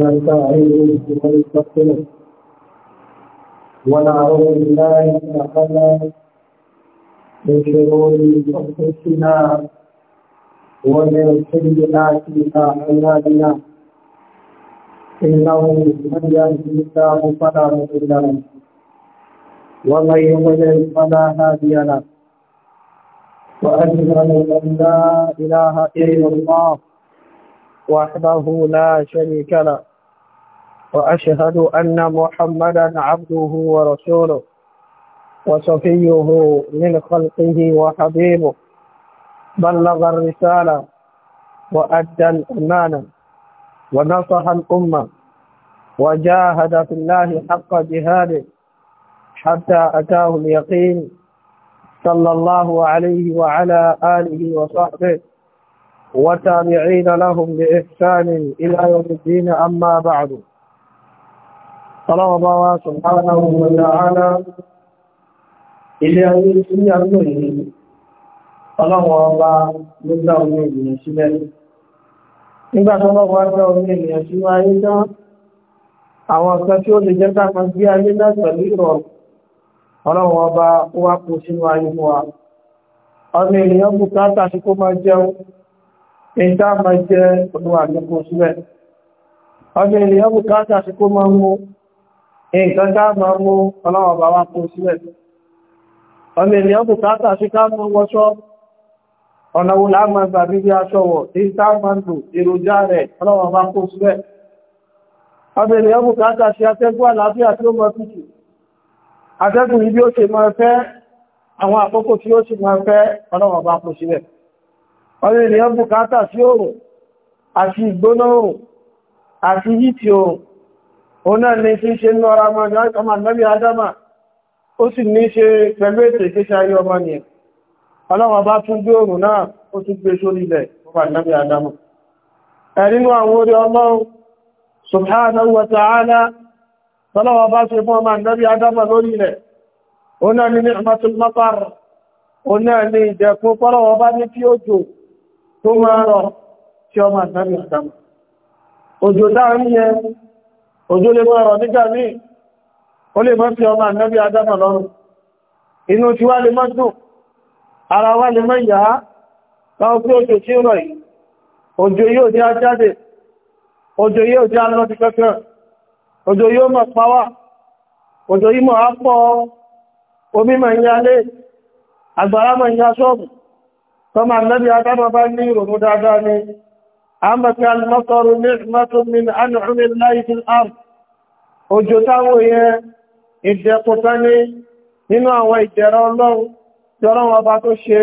ونستعينه ونستغفره ونعوذ بالله من شرور انفسنا ومن سيئات اعمالنا انه من يهده الله فلا مضل له ومن يضلل فلا هادي له واشهد ان لا اله الا الله وحده لا شريك له وأشهد أن محمدا عبده ورسوله وصفيه من خلقه وحبيبه بلغ الرسالة وأدى الأمانة ونصح الأمة وجاهد في الله حق جهاده حتى أتاه اليقين صلى الله عليه وعلى آله وصحبه وتابعين لهم بإحسان إلى يوم الدين أما بعد صلى الله سبحانه وتعالى إلى يوم الدين ọlọ́wọ́ ọba ló dá omi ènìyàn sílẹ̀. nígbà tó lọ́wọ́ dá àwọn ọ̀sán tí ó lè jẹ́ dápa gbé ayé náà pẹ̀lú ìrọ̀ ọba ó sínú ayé wa ọmọ ènìyàn kó máa jẹun ìta ma jẹ́ olúwà nípo sílẹ̀. ọjọ́ ilẹ̀ yọ́ bùkátà sí kó máa mú nǹkan dá máa mú ọlọ́wọ̀n bá wá kó sílẹ̀. ọmọ ilẹ̀ yọ́ bùkátà sí ká mú wọ́ṣọ́ ọ̀nà wo láàmà gbàbí bí aṣọ́wọ̀ ìta máa lò èròjà rẹ̀ ọlọ́wọ̀n bá kó sílẹ̀. ọmọ ilẹ̀ yọ́ bùkátà sí atẹ́gùn àlàáfíà tí ó mọ tutù atẹ́gùn ibi ó ṣe máa àwọn àkókò tí ó ṣe máa fẹ́ ọlọ́wọ̀n bá kó sílẹ̀. ọmọ ènìyàn bùkátà sí oòrùn àti ìgbóná oòrùn àti yìtì oòrùn òun náà ní tí ṣe ní ọ̀rọ̀ adama ní ṣe pẹ̀lú ètò bá tún gbé náà tún gbé ilẹ̀ adama subhanahu wa ta'ala ṣe fún ọmọ adama lórí náà ní ní náà ní ìdẹ̀kùn bá ní kí tó máa rọ tí ọmọ Ojo àtàmà òjò Ojo yẹ òjò lè máa rọ nígbà míì ó lè mọ́ sí ọmọ ànábí adámà lọ́rùn inú tí wá lè mọ́ dùn ara wá lè mọ́ ìyá láwọn pé òjò tí rọ̀ yìí òjò yóò jẹ́ ajáde òjò yóò jẹ́ ti òjò yóò ma pàwà òjò yìí mọ̀ pọ̀ omi tọ́mà lẹ́bí adára ní ìrònú dáadáa ni a mọ̀kí alìmọ́tọ̀rù ní ìmọ́tọ̀mìn anìhùnmí láìfin arm òjò táwọn yẹ ìdẹ̀kùta ní nínú àwọn ìdẹ̀rọ ọlọ́run ọba tó ṣe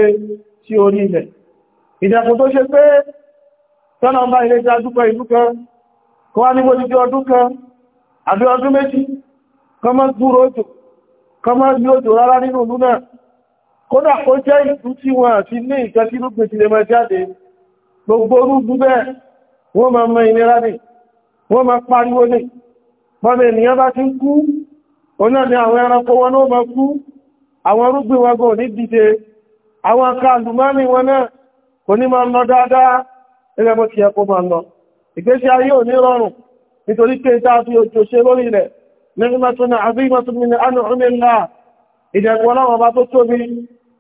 sí orí ilẹ̀ ṣe kan kódà kó jẹ́ ìlú tí wọ́n àti ní ìkan tí lópin ti lè máa jáde gbogbo orúgbú bẹ́ẹ̀ wọ́n máa mọ ìnira nì wọ́n máa pariwo nì ya ènìyàn bá ti ń kú oná ni àwọn ẹranko wọn náà máa kú àwọn orúgbìn wọn gò ní dìde àwọn akálùmọ́nì wọn náà kò ní máa lọ dáadáa ilẹ̀ ti kó máa lọ ìgbésí ayé ò ní rọrùn nítorí pé ìta fi òjò ṣe lórí àbí ni a nù ọmọ ìlà ìjẹ̀kùn ọlọ́wọ́ bá tó tóbi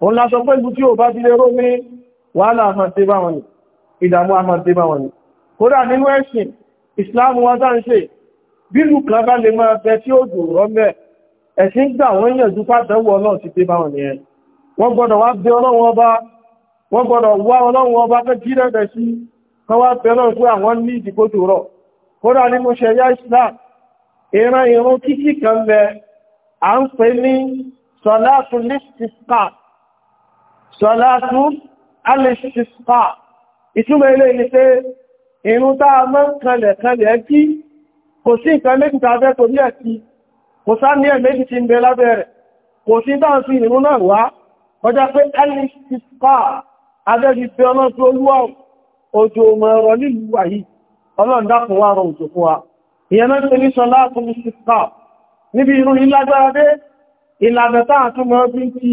òun lásọ pé ìlú tí ò bá ti lè rómi wàhálà àmàtẹ́ bá wọn ni ìdàmú àmàtẹ́ bá wọn ni kódà nínú ẹ̀sìn ìsìláàmù wọn tá ń ṣe bílù kan bá lè máa fẹ́ tí ó dùn rọ́mẹ́ ẹ̀sìn gbà wọ́n yẹ̀dú pàtẹ́wọ̀ ọlọ́run ti pé bá wọn nìyẹn wọ́n gbọ́dọ̀ wá bẹ ọlọ́run ọba wọ́n gbọ́dọ̀ wá ọlọ́run ọba fẹ́ jí rẹ̀ sí kan wá bẹ ọlọ́run pé àwọn ní ìdìbò tó rọ̀ islam ìran ìrun kíkì kan bẹ à ń pè ní sọlátùl istisqa sọ́látú alẹ́ṣìṣà ìtumọ̀ ilé ni pé irun táa mọ́ kanlẹ̀ kanlẹ̀ kí kò sí nǹkan méjì tàà fẹ́ torí ẹ̀kí kò sá ní ẹ̀ méjì ti ń bẹ lábẹ́rẹ̀ kò sí dáa sí irun náà wá kọjá pé alẹ́ṣìṣà adẹ́bí pé ọlọ́sí olúwa òjò mọ̀ ọ̀rọ̀ nílùú wà yìí ọlọ́run dákun wá rọ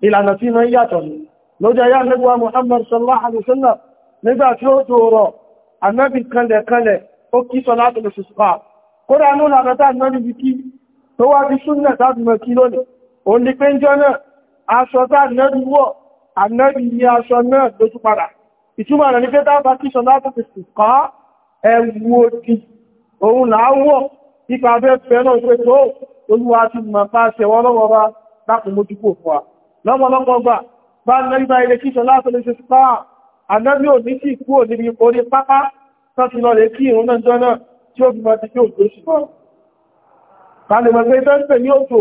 ìlànà tí ma ń yàtọ̀ ní lójá yá nígbà Muhammad sallallahu alaihi wasallam nígbà tí ó tòrọ annabi kanlẹ̀kanlẹ̀ ó kí sọ láti lè ṣùsùpá kódà ní ọlọ́dọ́ta annabi bí kí tó wá bí súnnà tàbí mọ̀ kí lónìí ó ní pé jọ náà aṣọ tá annabi wọ̀ annabi ní aṣọ náà lójú padà ìtumọ̀ rẹ̀ ní pé bá kí sọ láti lè ṣùsùpá ẹwù òdì òun làáwọ̀ ipa abẹ́ fẹ́ náà pé tó olúwa ti mọ̀ bá ṣẹwọ́ lọ́wọ́ bá láti fún wa lọ́pọ̀lọpọ̀ gbà bá lọ́ríbá ilé kíṣọ láti lè ṣe sáà ànábí ò ní sí ìkú òní orí pápá tọ́tí lọ lè kí ìrún náà jọ́nà tí ó bímọ ti kí òjò ṣùgbọ́n kalùmọ̀ pé tó ń pè ní òjò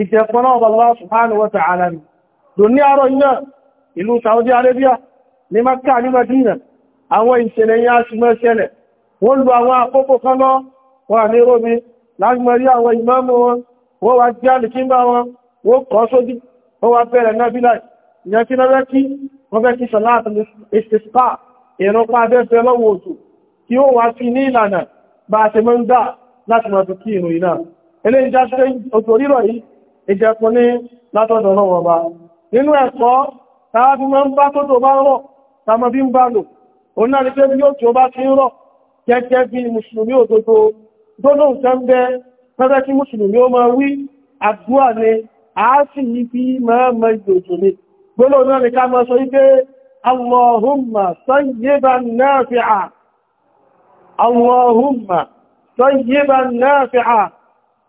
ìjẹ̀pọ̀ náà Allah subhanahu wa ta'ala ni lóní àárọ̀ iná ìlú Saudi Arabia ní Makka ní wọ́n wá jẹ́ àlùkímbà wọn wọ́n kọ́ sójú ó wá bẹ̀rẹ̀ nábílá ìyẹn kí lọ́rẹ́ kí wọ́n fẹ́ kí sọ̀láàtì ìsìská ìrọ̀pá abẹ́fẹ́ lọ́wọ́ òtù kí ó wá sí ní ìlànà bá ṣe mọ́ ń dá láti mọ̀ kí ìrùn iná ilé ìjá ṣe òtò rírọ̀ yìí ìjẹkùn ní látọ̀dọ̀ lọ́wọ́ bá nínú ẹ̀kọ́ tàà fi mọ́ ń a sì ní fi mọ́mọ́ ìjòjò ní gbọ́lọ̀ náà ni ká mọ́ sọ wípé Allahumma sayyiban nafi'a Allahumma sayyiban nafi'a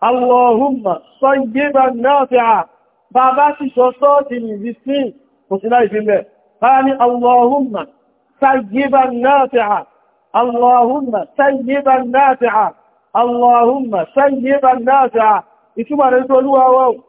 Allahumma sayyiban nafi'a bàbá sì sọ sọ́ọ̀tì ní ìbísí kò sí láì fi mẹ́ bá ní Allahumma sayyiban nafi'a Allahumma sayyiban nafi'a Allahumma sayyiban nafi'a ìtumọ̀ rẹ̀ tó olúwa wọ́wọ́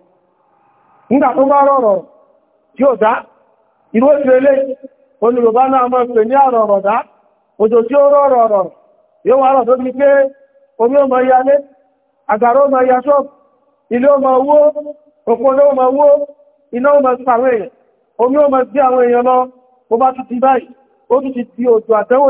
nígbà tó bá rọ̀rọ̀ tí ó dá irú ó tirelé olùrùbá náà mọ́ pè ní àrọ̀rọ̀ dá òjò tí ó rọ̀rọ̀ yóò wá rọ̀ tó bí pé omi ó mọ àgbàrá mọ ya ilé ọmọ owó òpó ọmọ owó iná ó mọ omi àwọn èèyàn lọ bó bá ti ti báyìí di òjò àtẹ́wò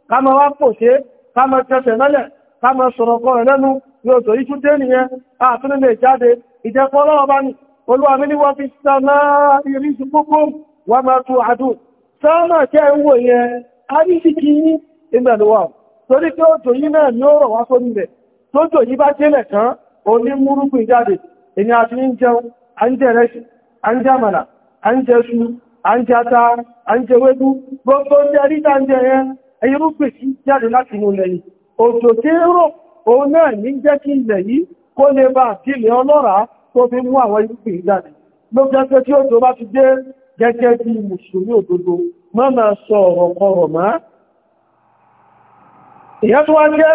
kama mọ́ wá pò ṣe kama mọ́ tẹ́tẹ̀ mẹ́lẹ̀ ká mọ́ sọ̀rọ̀ kọ́ rẹ̀ lẹ́nu yóò tó yí túnjẹ́ nìyẹn àtúnú lè jáde ìjẹ́pọ̀ ọlọ́wọ́ ní olúwa mi ní fi sàmà ìrísí gbogbo wà máa tó àdó sọ́mà jẹ́ ìwò yẹn arísìkí ní ìgbẹ̀lúwà torí pé kan onye múrùkùn jáde ata à ń gbogbo ń jẹ ríta ń irúgbìn tí jáde láti inú ilẹ̀ yìí rọ̀ òun náà ní jẹ́ kí ilẹ̀ yìí kó lè bá àtílẹ̀ ọlọ́ràá tó fi mú àwọn irúgbìn jáde ló jẹ́ tí òjò bá ti dé gẹ́gẹ́ bí mùsùlùmí òdodo má máa sọ ọ̀rọ̀ kọrọ̀ má tó wá jẹ́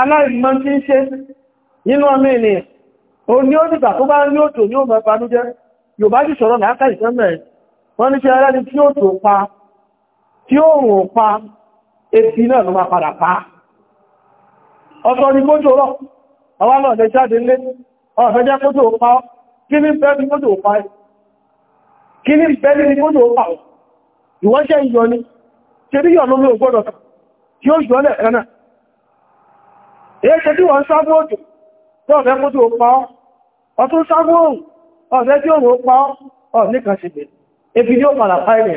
aláìmọ́ tí ń ṣe nínú o tí ó rùn pa etí náà ló máa padà pa ọ̀tọ̀ ni kójò rọ̀ àwọn náà lè jáde lé ọ̀fẹ́ jẹ́ kójò pa ọ́ kí ní bẹ́ẹ̀ ni kójò pa ẹ́ kí ní bẹ́ẹ̀ ni kójò pa ọ́ ìwọ́ṣẹ́ ìyọ ni ṣe bí yọ̀ lómi ògbọ́dọ̀ tí ó ó rò pa ọ́ ọ̀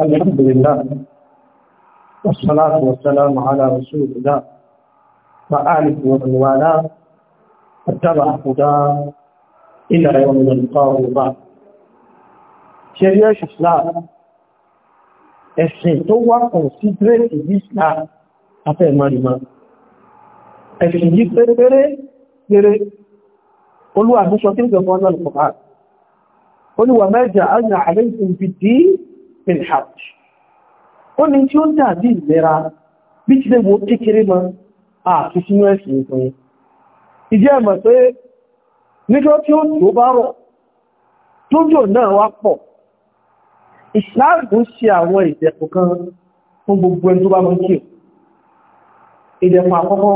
الحمد لله والصلاة والسلام على رسول الله وآله ومن والاه اتبع هداه إلى يوم نلقاه بعد شريعة الإسلام ẹ̀sìn tó wá considerate islam afẹ́ ìmọ̀rìmọ̀ ẹ̀sìn yí pẹ́rẹ́pẹ́rẹ́ pẹ́rẹ́ olúwa àmúṣọ́ tí ó gbẹ̀mọ́ náà lọ́pàá ó ní wà mẹ́jà ánà àlẹ́kùn fi dí pinhaj ó ní tí ó dàbí ìlera bí ti lẹ́wọ́ kékeré ma àti sínú ẹ̀sìn ìfún yìí ìjẹ́ ẹ̀mọ̀ pé níjọ́ tí ó tó bá rọ̀ tójò náà wá pọ̀ ìsìláàmù ṣe àwọn ìdẹ̀kù kan fún gbogbo ẹni tó bá mú kí ìdẹ̀kù àkọ́kọ́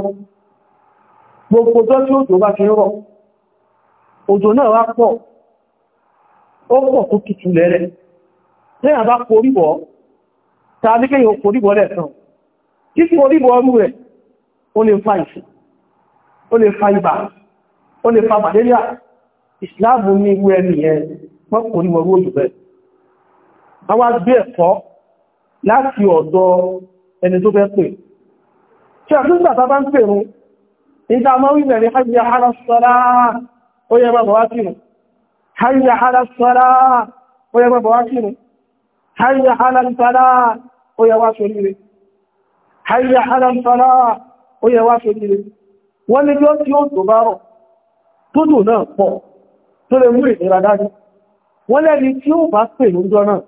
gbogbo tó tí ó tó bá fi rọ̀ òjò náà wá pọ̀ ó pọ̀ tó tutù lẹ́rẹ̀ lẹ́yìn àbá koríbọ̀ ta ní kéyàn koríbọ̀ lẹ́sàn kí sí koríbọ̀ ọrú rẹ̀ ó lè fa ìsìn ó lè fa ibà ó lè fa malaria ìsìláàmù ní ìwé ẹni yẹn wọ́n koríbọ̀ rú òjò bẹ́ẹ̀ àwọn agbé ẹ̀kọ́ láti ọ̀dọ̀ ẹni tó fẹ́ pè tí a tún gbàtà bá ń pè rún ìdámọ́wí mẹ́rin hajjá hálà sọ́lá ó yẹ bá hayya ala salah ó yẹ mọ́ bọ̀ wá kírun hayya ala salah ó yẹ wá sórí rẹ̀ hayya ala salah ó yẹ wá sórí rẹ̀ wọ́n ní yóò tí ó tó bá rọ̀ tó tó náà pọ̀ tó lè mú ìnira dájú wọ́n lẹ́ni tí ó bá pè lóúnjọ́ náà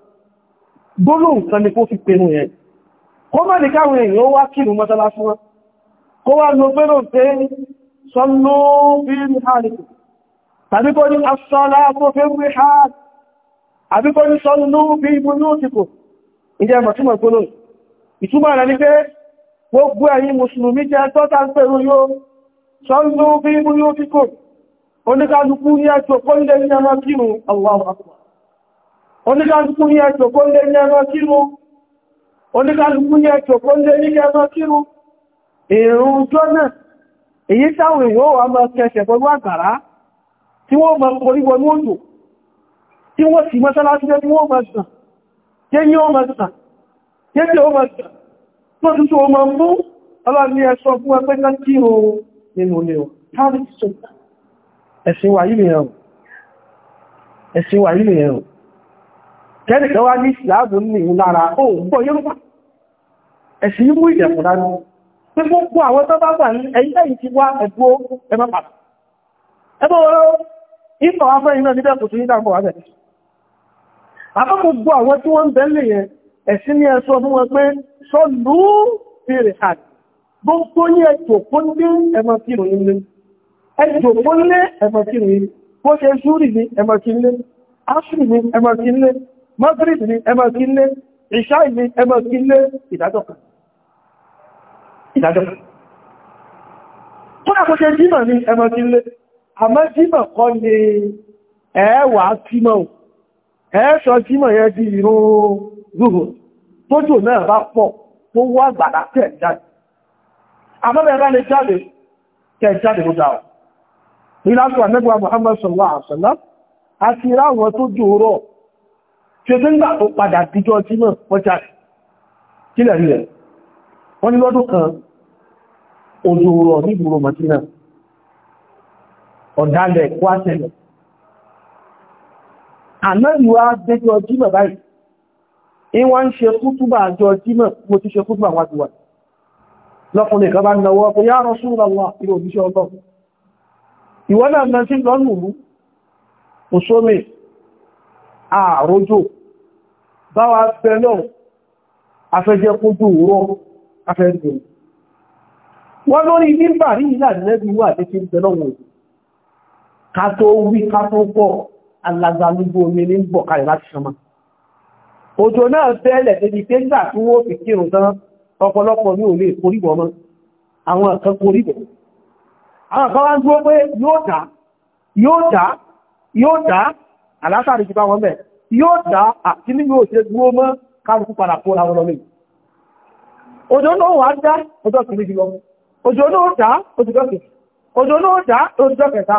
gbólóhùn kan ni kó fi pè nù yẹn kó tàbí kó ní asọ́láàbò fẹ́wé hàt àbí kó ní sọ́lú bí ibú ní òtìkò ìjẹ́ mọ̀túnmọ̀ gbónú ìtumọ̀ rẹ̀ ní pé gbogbo ẹ̀yin mùsùlùmí jẹ́ tọ́ta pẹ̀lú yóò sọ́lú bí ibú ní òtìkò oníkálukú ní ẹ̀tọ́ kó ń lè ní ẹmọ́ kírù oníkálukú ní ẹ̀tọ́ kó ń lè ní ẹmọ́ kírù oníkálukú ní ẹ̀tọ́ kó ń lè ní ẹmọ́ kírù èrùn jọ́nà èyí táwọn èèyàn wà mọ́ kẹsẹ̀ pẹ̀lú àgbàrá tí wọ́n ma kọrí wọn mọ́jò tí wọ́n sì mọ́sálásí tí wọ́n ma sàn kéyí ó ma sàn kéyí ó ma sàn tó tún tó ma mú aláàrin ẹ̀ṣọ́ fún ẹgbẹ́ láti oòrùn nínú ilé ọ̀ ẹ̀sìn wà yìí ẹ̀rùn kẹ́rìkẹ́ wá ní ìsìláàbù ní ìhun lára ó gbọ́ Yorùbá ẹ̀sìn yíó mú ìdẹ̀kùn dání pé gbogbo àwọn tó bá gbà ní ẹ̀yìn lẹ́yìn ti wá ẹ̀dúó ẹmọ́ pàtàkì ẹgbẹ́ ọ̀rọ̀ ìfà afẹ́ iná níbẹ̀ kò tún ní dákọ̀ wáfẹ́ àpapọ̀gbọ́ àwọn tí wọ́n bẹ̀lẹ̀ yẹn ẹ̀sìn ní ẹ̀sọ́ fún wọn pé sọ́lú fèrè àti gbogbo ní ẹjọ́ kónlé ẹmọ̀kìrò ilé ẹjọ́ kónlé ẹmọ̀kìrò ilé bó ṣe ṣúrì ní ẹmọ̀kìrìlé áṣùrì ní ẹmọ̀kìrìlé madrid ní àmọ́ jímọ̀ kọ́ ni ẹ̀ẹ́wà tímọ̀ ẹ̀ẹ́ṣọ́ jímọ̀ yẹn di ìrun zuhur tójò náà bá pọ̀ tó wá gbàdá tẹ̀ jáde àmọ́ tó padà díjọ́ tí mọ̀ wọ́n kílẹ̀ rí rẹ̀ wọ́n ní lọ́dún kan òjò rọ̀ nígboro Madina ọ̀dálẹ̀ kó àṣẹlẹ̀. Àná ìwà jẹ́jọ jímọ̀ báyìí, in wọ́n ń ṣe kútúbà àjọ jímọ̀ mo ti ṣe kútúbà wájú wà. Lọ́kùnrin kan bá ń lọ́wọ́ pé yá Rasulullah ìrò òbíṣẹ́ ọgbọ́n. Ìwọ́ náà mẹ́ sí lọ́nùrú, òṣómi, àrójò, báwa fẹ́ náà, afẹ́jẹ́ kójú òwúrọ̀, afẹ́ Wọ́n lórí nígbà rí ìlànà ẹgbẹ̀rún àti ti ń bẹ lọ́wọ́ òjò ká tó wí ká tó pọ̀ alágbàlúgbò omi ní bọ̀ kalẹ̀ láti ṣọmọ òjò náà bẹ́ẹ̀lẹ̀ débi pé gbà tí wọ́n fi kírun tán ọ̀pọ̀lọpọ̀ ní olè koríbọ̀ mọ́ àwọn kan koríbọ̀ àwọn kan wá ń dúró pé yóò dá yóò dá yóò dá alásàrí ti bá wọn bẹ̀ yóò dá àti ní yóò ṣe dúró mọ́ kálukú padà kó ra wọn lọ lẹ́yìn òjò náà wá dá ọjọ́ kìí lọ òjò náà dá òjò kẹta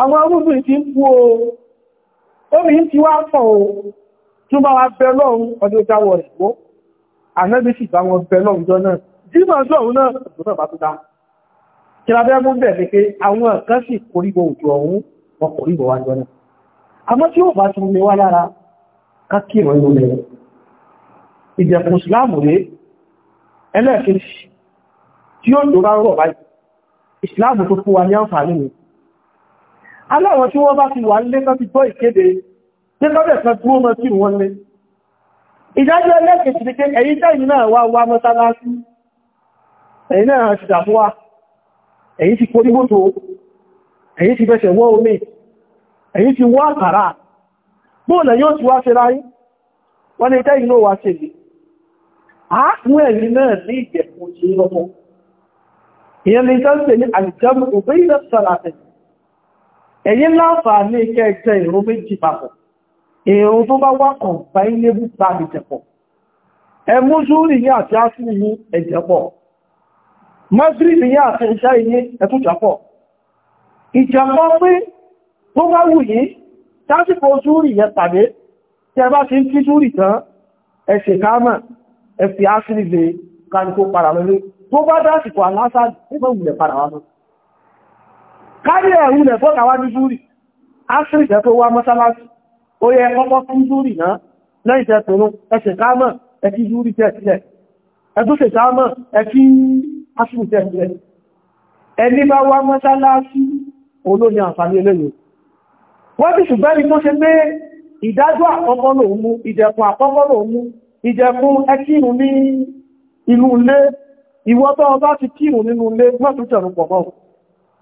àwọn arúgbìn ti ń bú o omi ń ti wá fọ̀ o tí ó bá wá bẹ lọ́run ọdún jáwọ̀ rẹ̀ mọ́ ànábì sì bá wọn bẹ lọ́run jọ náà jíma lọ́run náà ọdún náà bá tó dá kí la bẹ́ mú bẹ̀ ní pé àwọn kan sì koríbo òjò ọ̀hún wọn koríbo wá jọ náà àmọ́ tí ó bá tún mi wá lára ká kí ìrọ̀ inú lẹ́yìn ìjẹ̀kùn ìsìláàmù rẹ̀ ẹlẹ́ẹ̀kejì tí ìsìláàmù tó fún wa ní àǹfààní mi aláwọn tí wọ́n bá ti wà nílé kan ti gbọ́ ìkéde tí lọ́bẹ̀ kan tí wọ́n mọ́ sí wọn lé ìdájọ́ ẹlẹ́kẹ̀ẹ́sì ni pé èyí tẹ́yìn náà wá wá mọ́sálásí èyí náà ti dàmúwá èyí ti kó nígbòtò èyí ti bẹ̀ṣẹ̀ wọ́ omi èyí ti wọ́ àkàrà bóòlẹ̀ yóò ti wá ṣe ráyí wọ́n ni tẹ́yìn náà wá ṣe lè àákún ẹ̀rí náà ní ìjẹ̀kùn sí lọ́pọ̀ ìyẹn ni tẹ́ ẹ̀yin láǹfààní kẹjẹ ìrún méjì papọ̀ ìrún tó bá wá kàn bá ilé bú bá mi jẹ̀pọ̀ ẹmú ṣúrì ní àti ásìrì ní ẹ̀jẹ̀pọ̀ mọ́sírì ní àti iṣẹ́ ilé ẹ̀tújàpọ̀ ìjọpọ̀ pé tó bá wù yí tásìkò ṣúrì yẹ tàbí tí ẹ bá ti ń kí ṣúrì tán ẹ̀ṣẹ̀ káàmà ẹ̀fì ásìrì lè kánikó para lọ́lé tó bá dásìkò alásà nígbà wùlẹ̀ para wa náà kárí ẹ̀rù lẹ̀ fọ́nà wá ní zúrì áṣìrìṣẹ́ tó wá mọ́sálásí ó yẹ kọ́kọ́ fún zúrì náà lẹ́yìn tẹ́ tòrò ẹ̀ṣẹ̀ káàmọ̀ ẹ̀kí zúrì tẹ́ sílẹ̀ ẹ̀túnṣẹ̀ káàmọ̀ ẹ̀kí áṣìrìṣẹ́ sílẹ̀ ẹni bá wá mọ́sálásí olóyìn àǹfààní eléyìí wọ́n ti ṣùgbẹ́ ni tó ṣe pé ìdájọ́ àkọ́kọ́ lòun mú ìjẹ̀kùn àkọ́kọ́ lòun mú ìjẹ̀kùn ẹkírun ìwọ́tọ́ ọba ti kírun nínú ilé mọ́tún tẹ̀rù pọ̀ mọ́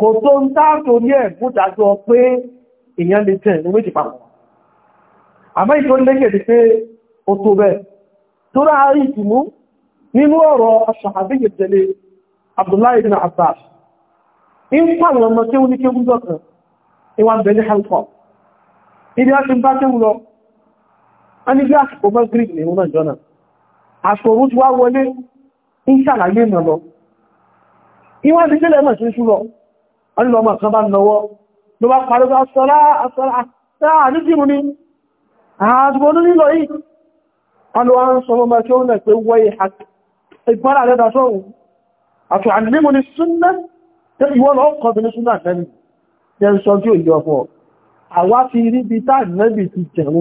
kò tó ń táàtò ní ẹ̀kú dájọ́ pé èèyàn lè tẹ̀ ní méjì papọ̀ àmọ́ ìtò lẹ́gbẹ̀ẹ́ ti pé ó tó bẹ́ẹ̀ tó ráárí ìtìmú nínú ọ̀rọ̀ aṣàhàbíyè tẹ̀lé Abdullahi ibn Abbas in pàwọn ọmọ tí ó ní kéwú lọ́kàn ìwà bẹ̀lẹ̀ halkọ̀ ibi a ti bá kéwú lọ a ní bí àsìkò mọ́ greek ní ìwọ̀n jọna wọ́n ni lọ́mọ kan bá nọwọ́ ló bá pàdọ́gbà sọ́lá àsọ́lá àtàà ní jímú ní ààbò nílò yìí wọ́n lọ́wọ́ ń sọ mọ́ kí ó nà pé wọ́yẹ̀ ìgbára lẹ́dà sọ́run àti ànílẹ́mù ní súnnà tẹ́ ìwọ́n lọ́ kọ́ bí ní súnnà tẹ́lì tẹ́ ń sọ tí ó yọ fọ́ àwa fi rí bí tá nẹ́bì ti jẹ̀rún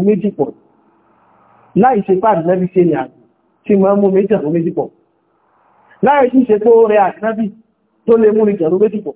mọ́ mú mi jẹ̀rún méjì pọ̀ láì ṣe pé rẹ àti nẹ́bì tó lè mú ní jẹ̀rún méjì pọ̀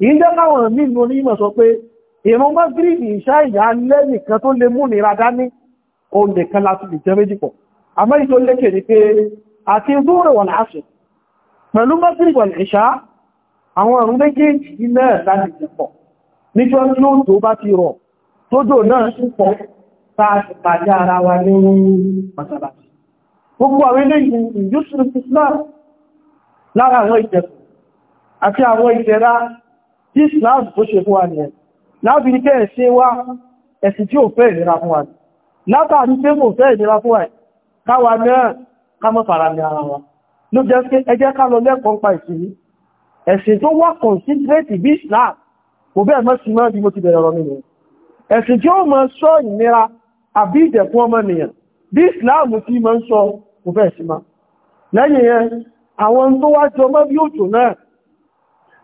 yìí jẹ́ káwọn mímọ̀ ní ìmọ̀ sọ pé ìrun mọ́gírìbì ìṣá ìyá lẹ́nìkan tó lè mú nira dání ohun nìkan láti lè jẹ́ méjì pọ̀ àmọ́ ìjọ lékè ní pé àti zúrẹ̀ wọ̀n àṣì pẹ̀lú mọ́gírìbì wọ̀n ìṣá àwọn ọ̀run méjèèjì iná láti lè pọ̀ lára àwọn ìjẹ̀kù àti àwọn ìjẹ̀ra tí islam tó ṣe fún wa ní ẹ̀ láàbí ní kẹ́ẹ̀ ṣe wá ẹ̀sìn tí ó fẹ́ ìlera fún wa látàrí pé mò fẹ́ ìlera fún wa káwa náà ká mọ́ fara ní ara wa ló jẹ́ pé ẹjẹ́ ká lọ lẹ́kọ̀ọ́ pa ìsinmi ẹ̀sìn tó wá considerate bí islam kò bẹ́ẹ̀ mọ́ sí mọ́ bí mo ti bẹ̀rẹ̀ ọ̀rọ̀ nínú ẹ̀sìn tí ó mọ́ sọ ìnira àbí ìdẹ̀kùn ọmọnìyàn bí islam tí mọ́ ń sọ kò bẹ́ẹ̀ sí mọ́ lẹ́yìn yẹn àwọn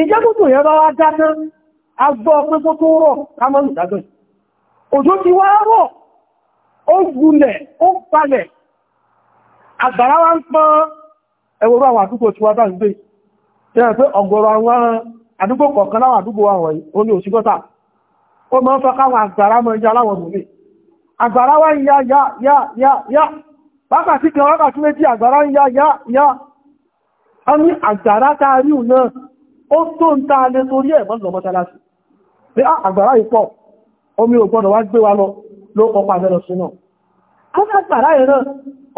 ìjẹ́kùtù yẹn bá wá dáná agbọ́ pípọ́ tó rọ̀ kámọ́nù dágbẹ̀ òjò ti wá rọ̀ ó gúnlẹ̀ ó palẹ̀ àgbàrá wá ń pọ́n ẹwọ́rọ̀ àwọn àdúgbò tí wá bá ń gbé tẹ́rẹ pé ọ̀gọ̀rọ̀ àwọn àdúgbò àwọn yìí ya ya ya ó tó ń ta alẹ́ torí ẹ̀ mọ́sùn mọ́sálásí pé ah, àgbàrá ìpọ̀ omi ò gbọ́dọ̀ wá gbé wa lọ ló kọpa mẹ́lọ sí náà agbàrá ẹ̀ náà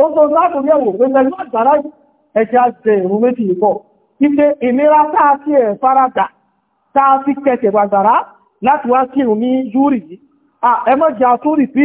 ó tó ń látò yẹ̀wò pé pẹ̀lú àgbàrá ẹ̀jẹ̀ àjẹ ìrún méjì ìpọ̀ ipe ìnira táa sí ẹ̀ farada táa fi kẹ̀kẹ̀ gbàgbàrá láti wá kírun ní yúrì yìí ẹ mọ́ jẹ́ àtúrì bí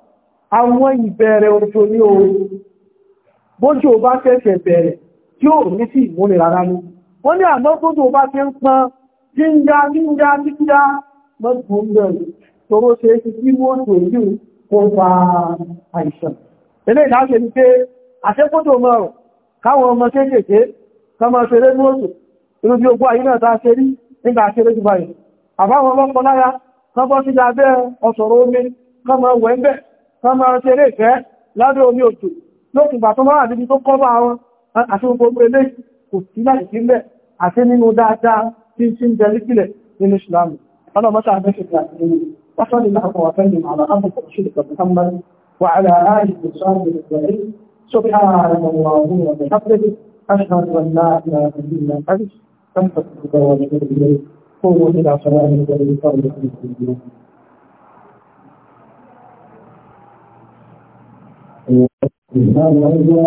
àwọn ìbẹ̀rẹ̀ òjò ní oòrùn bójú o bá ṣẹ̀ṣẹ̀ bẹ̀rẹ̀ tí ó ní sí ìmúni rárá ní wọ́n ní àmọ́ tó tó bá ṣe ń pọn jíńdá jíńdá jíńdá mọ́gbùn ni pé àṣẹ́kótó mọ́rùn káwọn ọmọ kéékèèké kọmọ ṣeré mọ́tò inú bí ogún ayé náà ta ṣe rí nígbà ṣeré jù báyìí àbáwọn ọlọ́pọ̀ sọmọ ṣeré ìfẹ́ ládọ́ omi òjò lókùn gbà tó máa níbi tó kọ́ bá wọn àti gbogbo ilé kò sí láì sí mẹ́ àti nínú dáadáa tí tí ń jẹrí sílẹ̀ nínú ìsìlámù ọlọ́mọ́ta àbẹ́ṣẹ̀kẹ́ أشهد أن لا إله إلا أنت أستغفرك وأتوب Ìgbàlódé.